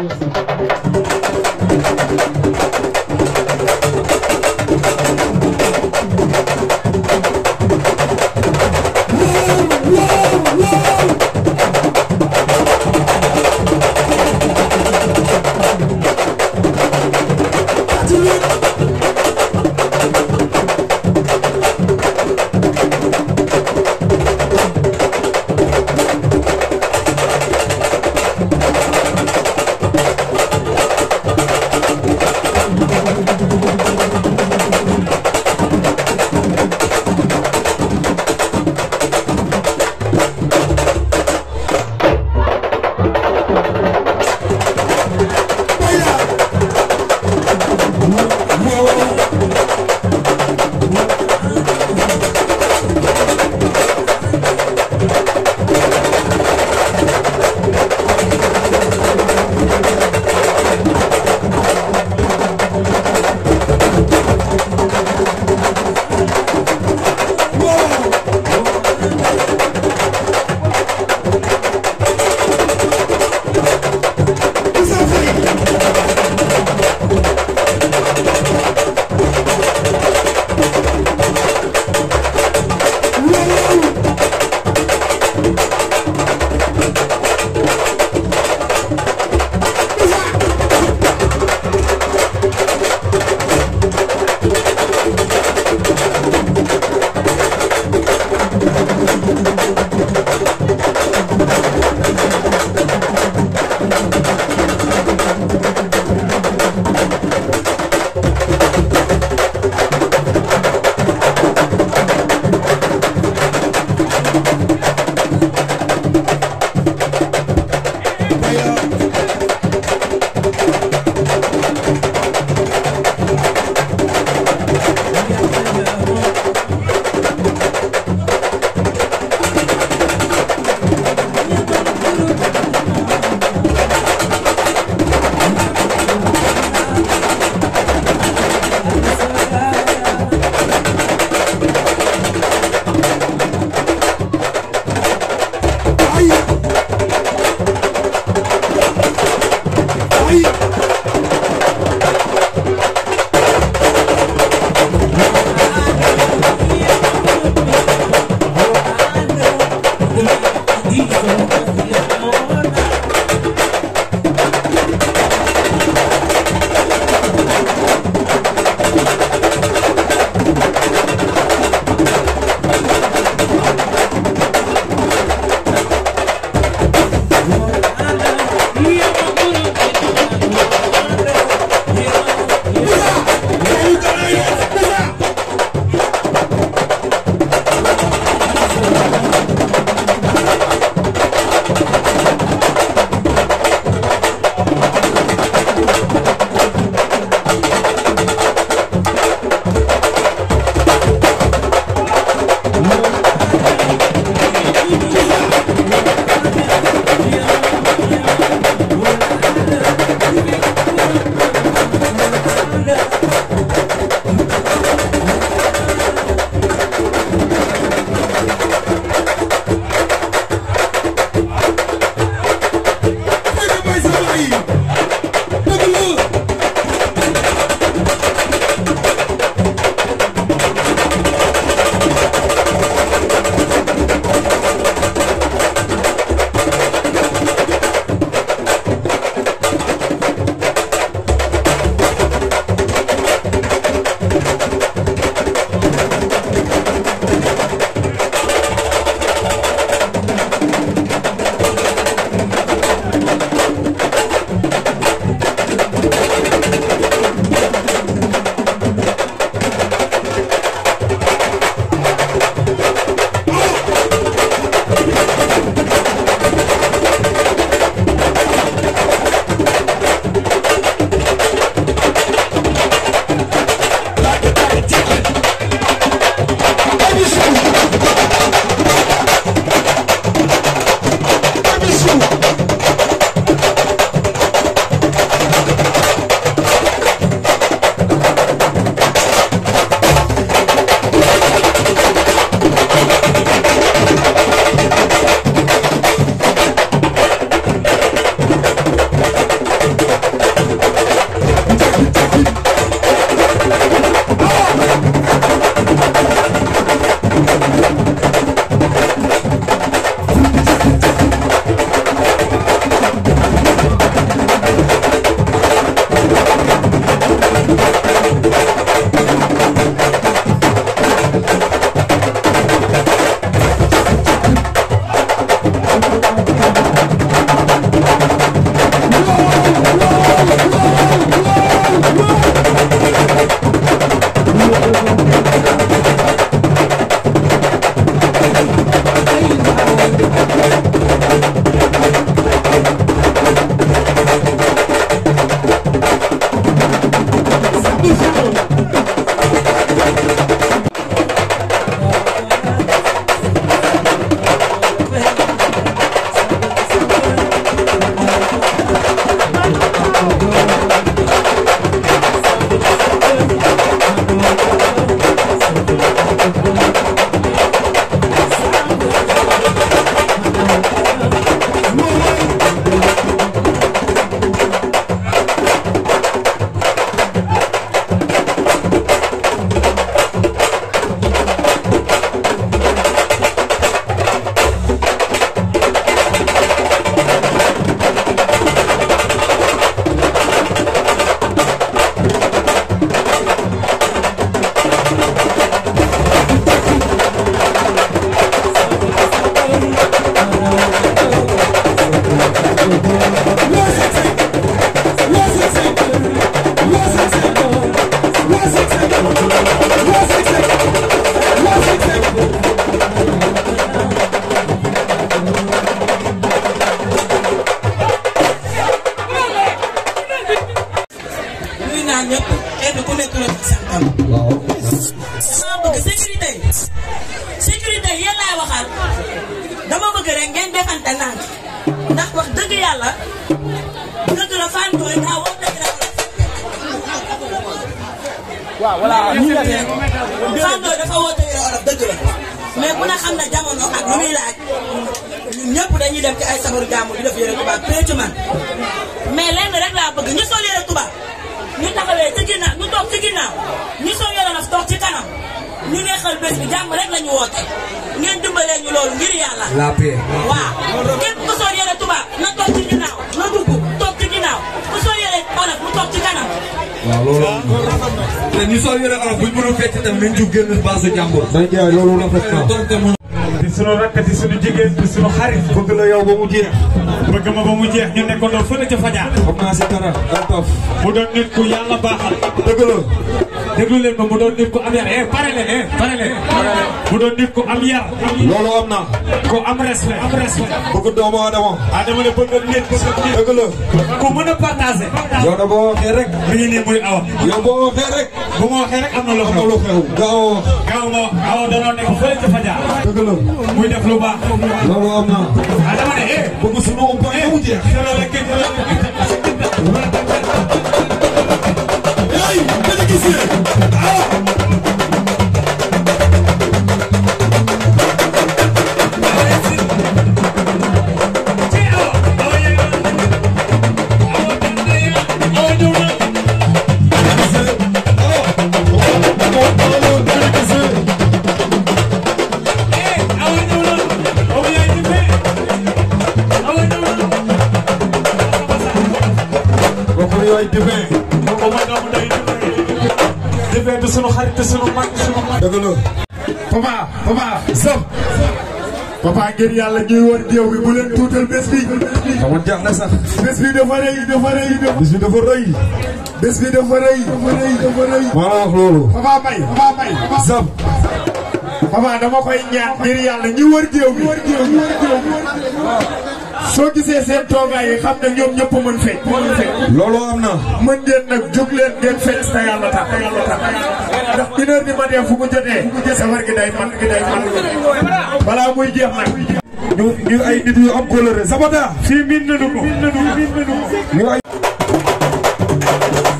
Thank you. dama bëgg rek ngeen defante naan ndax wax dëgg yàlla dëgg la Fane Ndoye daa wax dafa dëgg la mais ku ne xam na jamono ak lu muy laaj ñun ñëpp dañuy dem ci ay sabaru jàmbur di def yére tubaab péréti man mais lenn rek laa bëgg ñu sol yére tubaab ñu taxawee ci ginnaaw ñu toog ci ginnaaw ñu sol yére olof toog ci kanam ñu neexal bés bi jàmm rek la ñu dimbalee ñu loolu ngir yàlla. la ku sol yére tubaab na toog ci ginnaaw na dugg toog ci ginnaaw toog te ñu sol yére olof buñ di sunu rakk di sunu la yow ba mu jeex. bëgg ma ba mu jeex ñu nekkoon fële ca Fadiane. commencé dara. mu doon nit ku yàlla baaxal. dëgg la. déglu leen ma mu doon nit ku am yar eh pare leen eh pare leen. mu doon nit ku am yar. loolu am na. ku am respect am respect. bëgg doomu aadama. ah dama ne bëgg nit bëgg nit. dëgg la. ku mën a partagé. yow da boo waxee rek. mi ngi nii muy awa. yow boo waxee rek. bu ma waxee rek am na loo xew. am na loo xew gaaw a. gaaw ma awa danoo nekk fële ca Fadia. dëgg la. muy def lu baax. loolu am na. ah dama ne eh. bëgg su ma ko bàyyi mu jeex. Boy Divin. Oh my God, privé du sunu xarit du sunu mag du sunu mag. dëgg la papa papa Sam. papa ngir yàlla ñuy war géew bi bu leen tuutal bés bi. xamoon jeex na sax. bés bi dafa rëy dafa rëy. bés bi dafa rëy. bés bi dafa rëy. dafa rëy dafa rëy. maa wax loolu. papa Mbaye papa Mbaye. Sam. papa dama koy ñaan ngir yàlla ñi war géew bi. soo gisee seen toogaay yi xam ne ñoom ñëpp mën fecc. mën fecc loolu am na. mën ngeen nag jug leen ngeen fecc te yàlla tax ndax une bi ma dee fu mu jotee. fu mu jotee safar gi day man gi day man balaa muy jeex nag. ñu ñu ay nit yu am kóllëre Sabata. fii miin nañu ko ko miin nañu